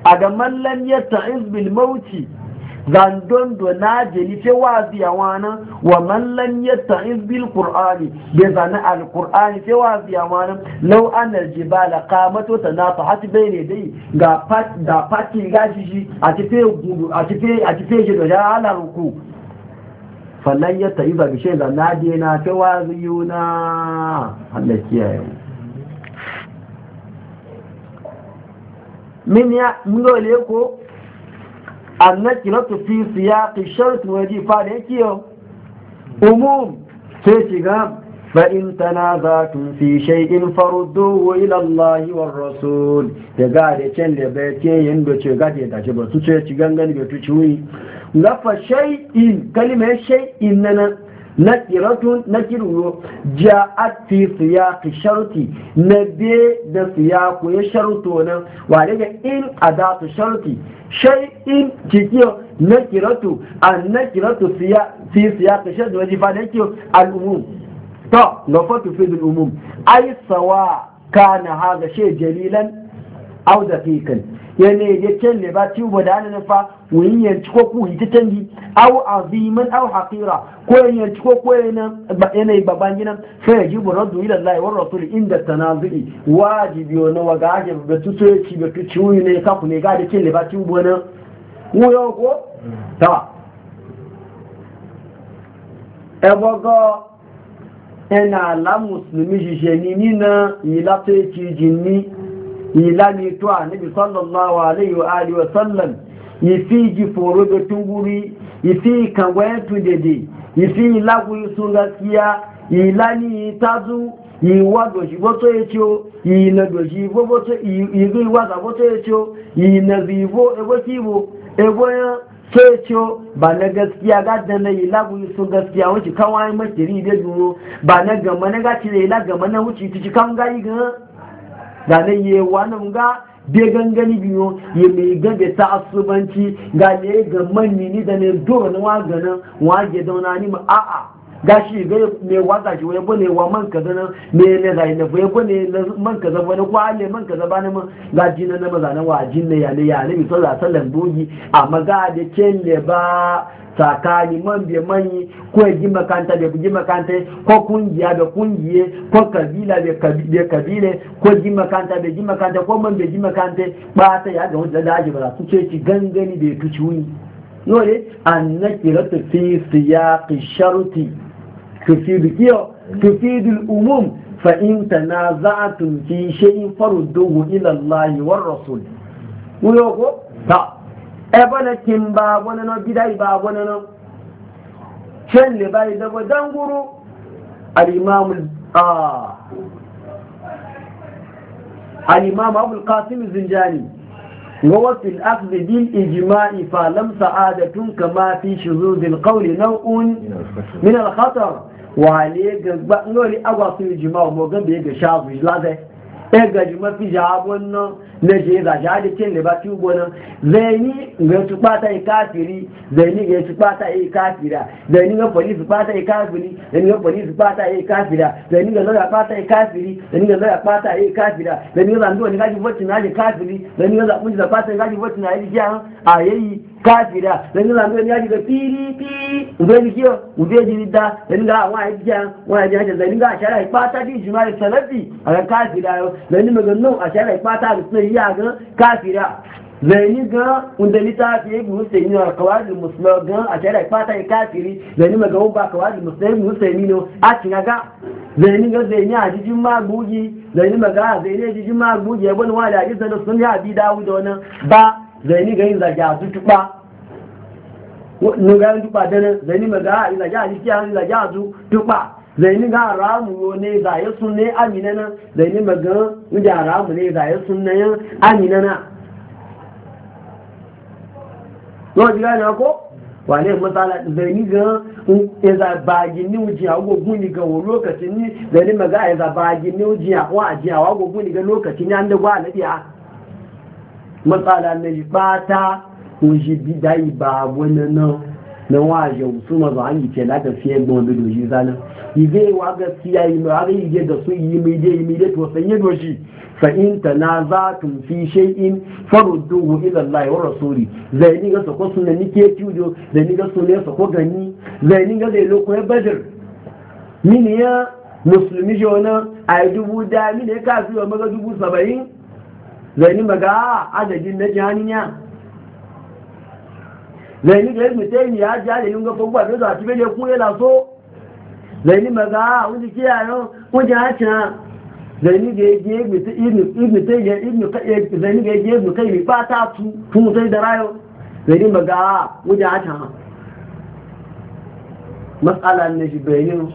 [SPEAKER 1] a ga mallan ya ta'iz bil mauti zandon do na jeli ce wazi ya wana wa man ya yata'iz bil qur'ani bai zana al qur'ani ce wazi ya wana. law an al jibal qamat wa tanafahat bai ne dai ga da pati ga shi a fe gudu a fe a je do ya ala ruku fallan ya ta'iz bi shi zana je na ce wazi yuna Allah kiyaye min ya mun ko النكرة في سياق الشرط وجي فعليك أموم تشغام فإن تنازعتم في شيء فردوه إلى الله والرسول تقال يتشن لبيتين يندو تشغاتي تشبه تشغان غني بيتو تشوي لفا شيء كلمة شيء إننا نكرة نكرة جاءت في سياق شرطي نبي ده سياق يشرطونا وعليك إن أداة شرطي شيء إن تكيو نكرة النكرة في سياق شرطي وجفا نكيو الأموم طب نفا في الأموم أي سواء كان هذا شيء جليلا أو دقيقا yanayi ya kyalle ba ci ba da ana nufa wani yanci ko ku yi ta canji au aziman au haƙira ko yan yanci ko ko yanayi babban gina sai ya jibu raddu ila Allah wa rasul inda tanazu'i wajibi wani wa ga ake ba tu so ci ba tu ci wuni ne ka ku ne ga da kyalle ba ci ba na wuyo ko ta e ga ina la musulmi jijeni ni na yi lato ya ci jinni ilami to annabi sallallahu alaihi wa alihi wa sallam yifiji foro be tunguri yifi kangwaye tundede yifi lagu yisunga kiya ilani tazu yiwa doji boto echo yina doji bo boto yigo yiwa za boto echo yina vivo ebo kibo ebo ya ceco ba na gaskiya ga da yi lagun yi da nan yi wani ga bai gangani biyu ya mai gabe ta asubanci ga ne ga manni ni da ne dole na ganin wa a'a gashi ga me waza ji wai bane wa man kaza nan me ne zai na wai na man kaza bane ko ale man kaza bane man gaji nan na mazana wa jin ne ya ne ya ne sallallahu alaihi wasallam dogi amma ga da ken ne ba tsakani man bai manyi ko ya ji makanta bai ji makanta ko kungiya bai kungiye ko kabila bai kabile ko ji makanta bai ji makanta ko man bi ji makanta ba ta ya ga wanda da aji ba su ce ki gangani bai tuci wuni yau ne an nakiratu fi ki sharuti تفيد كيو تفيد الأموم فإن تنازعتم في شيء فردوه إلى الله والرسول ويوكو تا أبنا كم بابنا بداي بابنا شن لباي دبو دنغرو الإمام آه الإمام أبو القاسم الزنجاني في الأخذ بالإجماع فلم سعادة كما في شذوذ القول نوع من الخطر wale gagba ngoli agwa sun jima mo gambe ga shafu lazai e ga jima na je za shi halittin da ba su yi gona zai ni ga su bata yi kafiri zai ni ga su bata yi kafira zai ni ga polisi bata yi kafiri zai ni ga polisi bata yi kafira zai ni ga zaga bata yi kafiri zai ni ga zaga bata yi kafira zai ni ga zanduwa ni kaji votin na ji kafiri zai ni ga zaɓun da bata yi kaji votin na ji jiya a yayi kafira zai ni ga zanduwa ni kaji ga pdp zai ni kiyo zai ji da zai ni ga wa a yi jiya wa a ji hajjar zai ni ga a shara yi bata ji jimari salati a ga kafira yau zai ni ga nan a shara yi bata ga ya ga kafira zai ga wanda littafi ya Hussein ne kawai musulmi gan a tare fata ya kafiri zai ni maga ba kawai musulmi musulmi ne a cin ga zai ga zai a jijin magugi zai ni maga zai ni jijin magugi ya bani wani da yi da sun ya bi dawo da wani ba zai ga yin zage a dana yi zage a jiki yi zage a zaini ga haramu ne za ya sunne amina na zaini maga inda haramu ne za ya sunne ya amina na yau ji gane ko wane matsala zaini ga ya za bagin ni ujiya gogun ni ga wa lokacin ni zaini maga ya za bagin ni ujiya wa ajiya wa gogun ni ga lokacin ya da gwa na biya matsala na ji bata uji bidai ba wani nan na wa yau su mazu an yi ke lafiya gbọmọdé doji zanen yigewa gaskiya yi mai har yige da su yi mai dai mai dai to san yi doshi fa in tanazatum fi shay'in farudduhu ila Allah wa rasuli zai ni ga sako sunna nike tujo zai ni ga sunna sako gani zai ni ga zai lokoi badr min ya musulmi jona a dubu da min ya kasu wa maga dubu saba'in zai ni maga ah, adadin na jihaniya zai ni ga yi ya ji adadin ko fagwa da za a ci da kuma yana so zaini maza wani kiyayen wani hacin zaini ga yake yi tayyar ibn kayyar zaini ga yake yi kayyar ta tun sai da rayo zaini maza wani hacin matsala na shi bayanin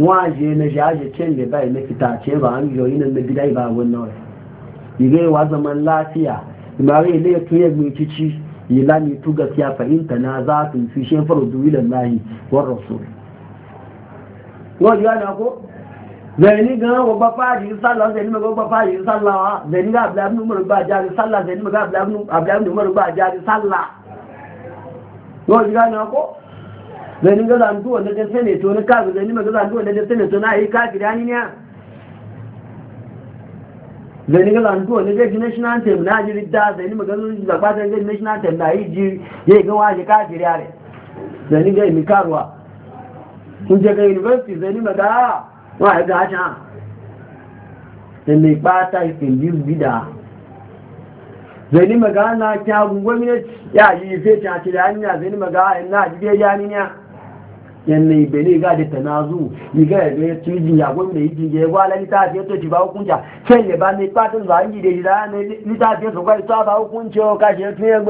[SPEAKER 1] waje na jaje can da bai na ce ba an yoyi na gida ba wannan wai yi wa zaman lafiya ba zai ne tuye mai cici yi lami tu gaskiya fahimta na za su fi shefar duwilan lahi war rasul wọ́n ti rádà kó zẹ̀ní gan gbogbo fáàdì sálà zẹ̀ní mẹ́gbẹ́ gbogbo fáàdì sálà wa zẹ̀ní gá abúlábínú mọ̀rọ̀ gbà jáde sálà zẹ̀ní mẹ́gbẹ́ abúlábínú mọ̀rọ̀ gbà jáde sálà wọ́n ti rádà kó zẹ̀ní gan zandu wanda ta seneto na kafi zẹ̀ní mẹ́gbẹ́ zandu wanda ta seneto na yi kafi rani ne zai national anthem na ji ridda zai ni maganin da zai national anthem na yi ji ya yi gawa ji kafin yare zai niga yi ń jẹ́ kẹ́ ṣe ní mẹ́ta wọ́n àìgá aṣá ẹ̀mí pátá ìpìlì na kyagun gwamnati ya yi fe ta ce da hanya zai maga ina jide jami'a yanne ibele ga da tanazu iga da ya tuji ya gwamna yi jige gwala ta ce to ci ba hukunta sai ya ba mai patun zan gide da ne ta ce so kai ta ba hukunci ya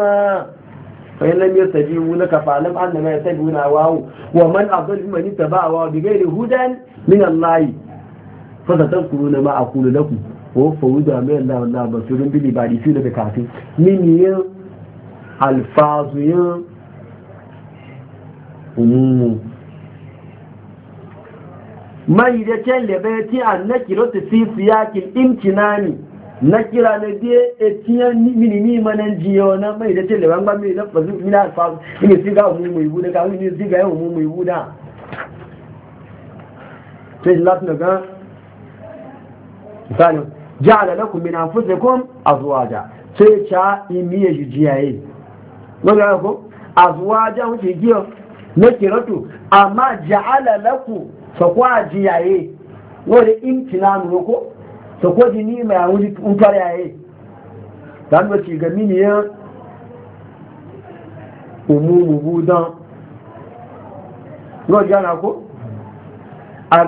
[SPEAKER 1] fa'in na yastajibu laka fa'lam anna ma yastajibuna wa'u wa man adhallu man tabaa wa bi ghairi hudan min Allah fa tadhkuruna ma aqulu lakum wa fa'udu ma la la basurun bi libadi fi laka kafin min yin alfazu yin mai da kyan lebe ti an na kiro ta sisi yakin imtinani na kira na biye e tiya mini ni manan jiyo na mai da tele ba mai da fasu ina fa ina siga mu mu ibu ka ni siga yau mu mu ibu da sai lat na ga misali ja'ala lakum min anfusikum azwaja sai cha imiye jiyaye mun ga ko azwaja mu jiyo na kiratu amma ja'ala lakum fa kwa jiyaye wani imtinanu ko ta kwaji ni mai wuri tutar yaye ta nuna ci ga miniyan umumu budan yau jana ko a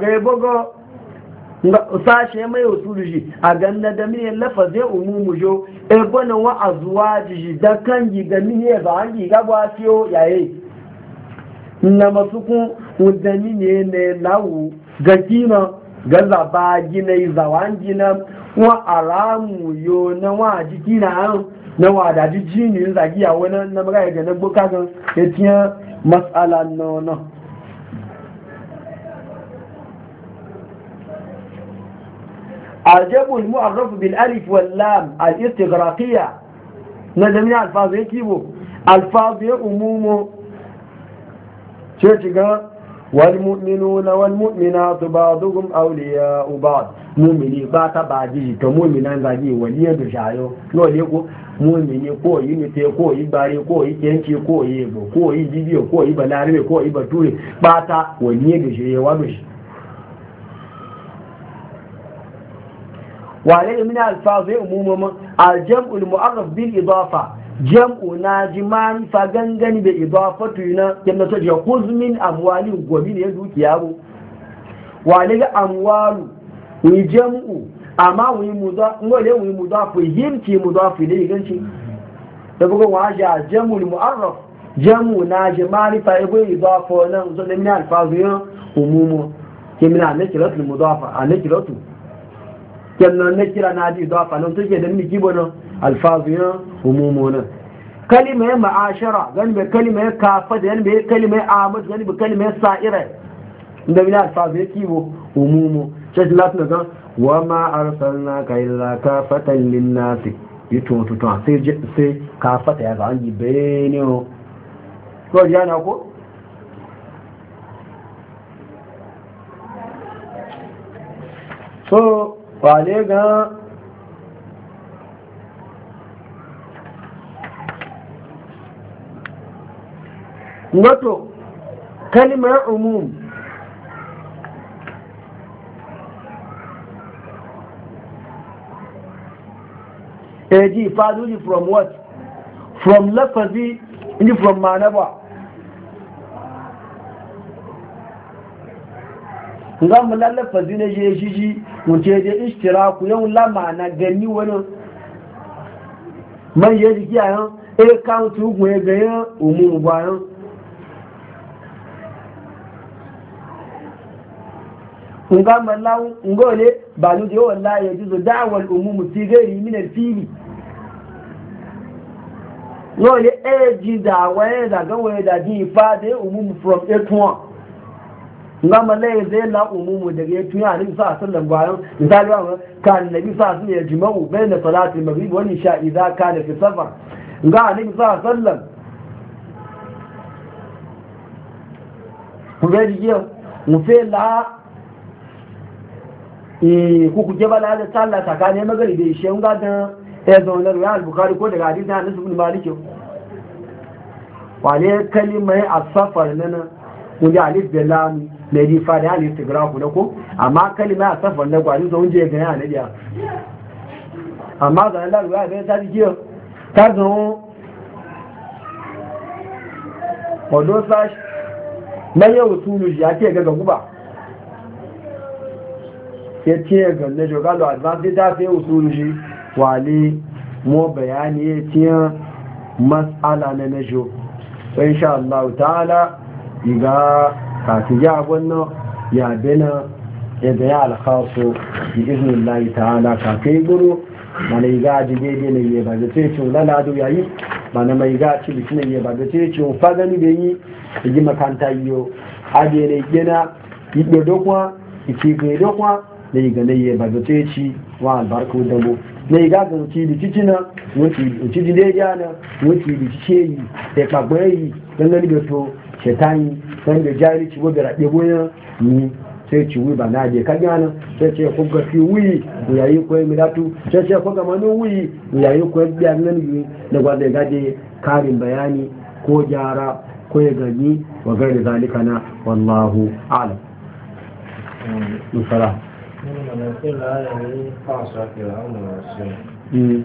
[SPEAKER 1] ga yabogo sashe mai usulu shi a na da miniyan lafazin umumu jo ebonin wa a zuwa jiji da kan yi ga miniyan ba an yi gaba fiyo yaye na masu kun wadda miniyan na lawu ga gaza ba gina zawan gina wa aramu yo na wa jiki na an na wa da jiji ne zagi a wani na magana ga na boka kan ya tiya matsala na na aljabu rufu bil alif wal lam al istighraqiyya na jami'a alfazu ya kibo alfazu ya umumu ce shiga والمؤمنون والمؤمنات بعضهم أولياء بعض مؤمني باتا باجي تو مؤمنان زاجي ولي دشايو لو ليكو mumini ko yi nite ko yi bare ko yi kenci ko yi ko yi bibiyo ko yi balarabe ko yi bature bata wani ya gaje ya wado wale min alfazai umumumin aljam'ul mu'arraf bil idafa jam'u na jiman fa gangani da idafa to yana kenan to ya kuzmin amwali gobi ne dukiya ko wale ga amwalu ni jam'u amma wi muda mu le muda fa yimti muda fa ne ganci da bugo wa a jam'ul mu'arraf jam'u na jiman fa ibu idafa nan zo da min alfazai umumumin kimina nakiratul mudafa anakiratul sannan na kira na ji zuwa falon take da miki bonon alfaziyan umumuna kalima ya ma'ashara gani bai kalima ya kafa da gani kalima ya amad gani bai kalima ya sa'ira inda bina bin alfaziyan kibo umumu sai shi na daga wa ma arsalna ka illa kafatan lin linnasi yi tuntuntun sai sai kafata ya zangi o ko jana ko so kwale ga wato kalimar umum eji faduji from what from lafazi inji from manaba nga mu lafazi na je shi wuce da ishtiraku yau lama na gani wani man yaji kiyayen a e kawunci hukun ya ganyen umu bayan nga mallahu ngole balu de wallahi yajuzu da'wa al-umum fi ghairi min al-fili ngole eji da'wa da gawe da di fa de umum from a to nga malai zai la umumu daga ya tuya ni sa sallan bayan misali ba ka annabi sa sun ya jima'u bayna salati maghrib wa isha idza kana fi safar nga annabi sa sallan ku ga diyo mu fe la eh ku ku jaba la da sallah tsakanin maghribi shi nga da ya e zauna ruwa al-bukhari ko daga hadisi Anas ibn Malik wale kalimai as-safar nana kun ji alif da lamu na fa da ya ne tigrafu na ko amma kalima a safar na gwani zo wunje ga yana nadiya amma zanen laruwa ya bayan tafi jiya ta zo odo sash na yau tulu ya ce ga guba ya ce ga na jogalo advance da sai usulu shi wale mo bayani ya ce mas'ala na najo insha Allah ta'ala iga kafin ya gwanna ya bena yadda ya alkhasu bi izinin layi ta'ala kafin guru ba na iga ji daidai na yi ba da ce cin lalado yayi ba na mai iga ci biki na yi ba da ce cin fagani da yi da yi makanta da ajiye na gina igbe dokwa iki gbe dokwa na iga na yi ba da ce ci wa albarku dabo na iga ga wuce da cici na wuce da cici daidai na wuce da cici yi da kagbe yi don gani da to shetani san da jari ci gobe raɗe goyon ni sai ci wi ba na je ka gana sai ce ku ga fi wi yayi ko mi datu sai ce ku ga manu wi yayi ko biya nan yi da gwada gade karin bayani ko jara ko ya gani wa gari zalika na wallahu a'lam musala Mm.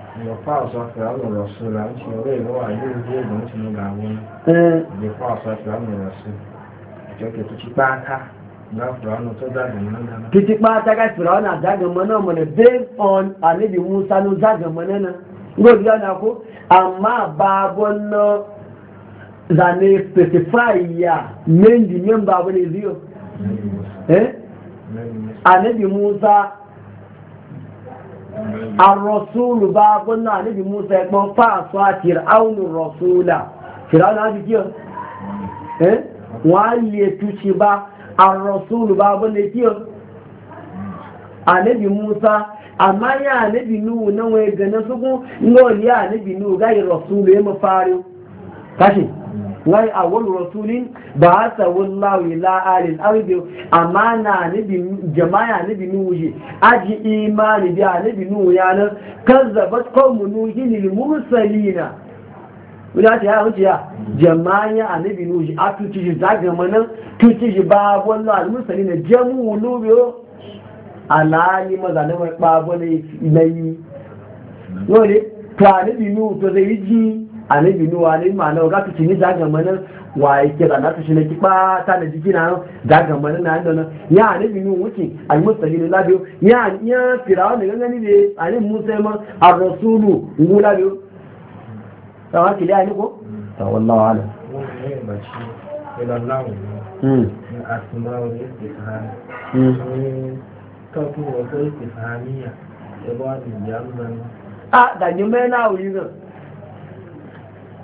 [SPEAKER 2] يقاس فرعون الرسول عن شوري هو عيون
[SPEAKER 1] based on àníbi musa ló dágànmọ́ náà gbòdì ọ̀nà kó specify o musa الرسول باقنا نبي موسى يقول فاصوا فرعون الرسول فرعون هذا كيف eh wọ́n lè túnṣe bá arọ́sùlù bá bọ́lẹ̀ tí ó ànẹ́bì musa àmáyà ànẹ́bì núwò náwọn ẹgbẹ̀ẹ́ sókún ní òlíà ànẹ́bì núwò gáyì rọ̀sùlù ẹmọ fárí wai a wani rasulin ba a tsawon lawi la'alin arbi amma na jama'a nabi nuhi aji imani bi a nabi nuhu yanar kazzabat kawmu nuhin ilmursalina wadda ta yawon ciya jama'a a nabi nuhi a shi tutiji zagamanin shi ba wallo almursalina jamu lubiyo alali mazanin mai babu na yi wani to a nabi nuhu to zai yi ji anabi nuwa ne ma'ana ga tu tini daga mana waye ke da tu shi ne ki ba ta na jiki na daga mana na da na? ya anabi nu wuce al mustahil la biyo ya ya firawa ne gangani ne ani musa ma ar rasulu ngula biyo tawa ki da ni ko ta wallahi ala ah da ni na wuri ne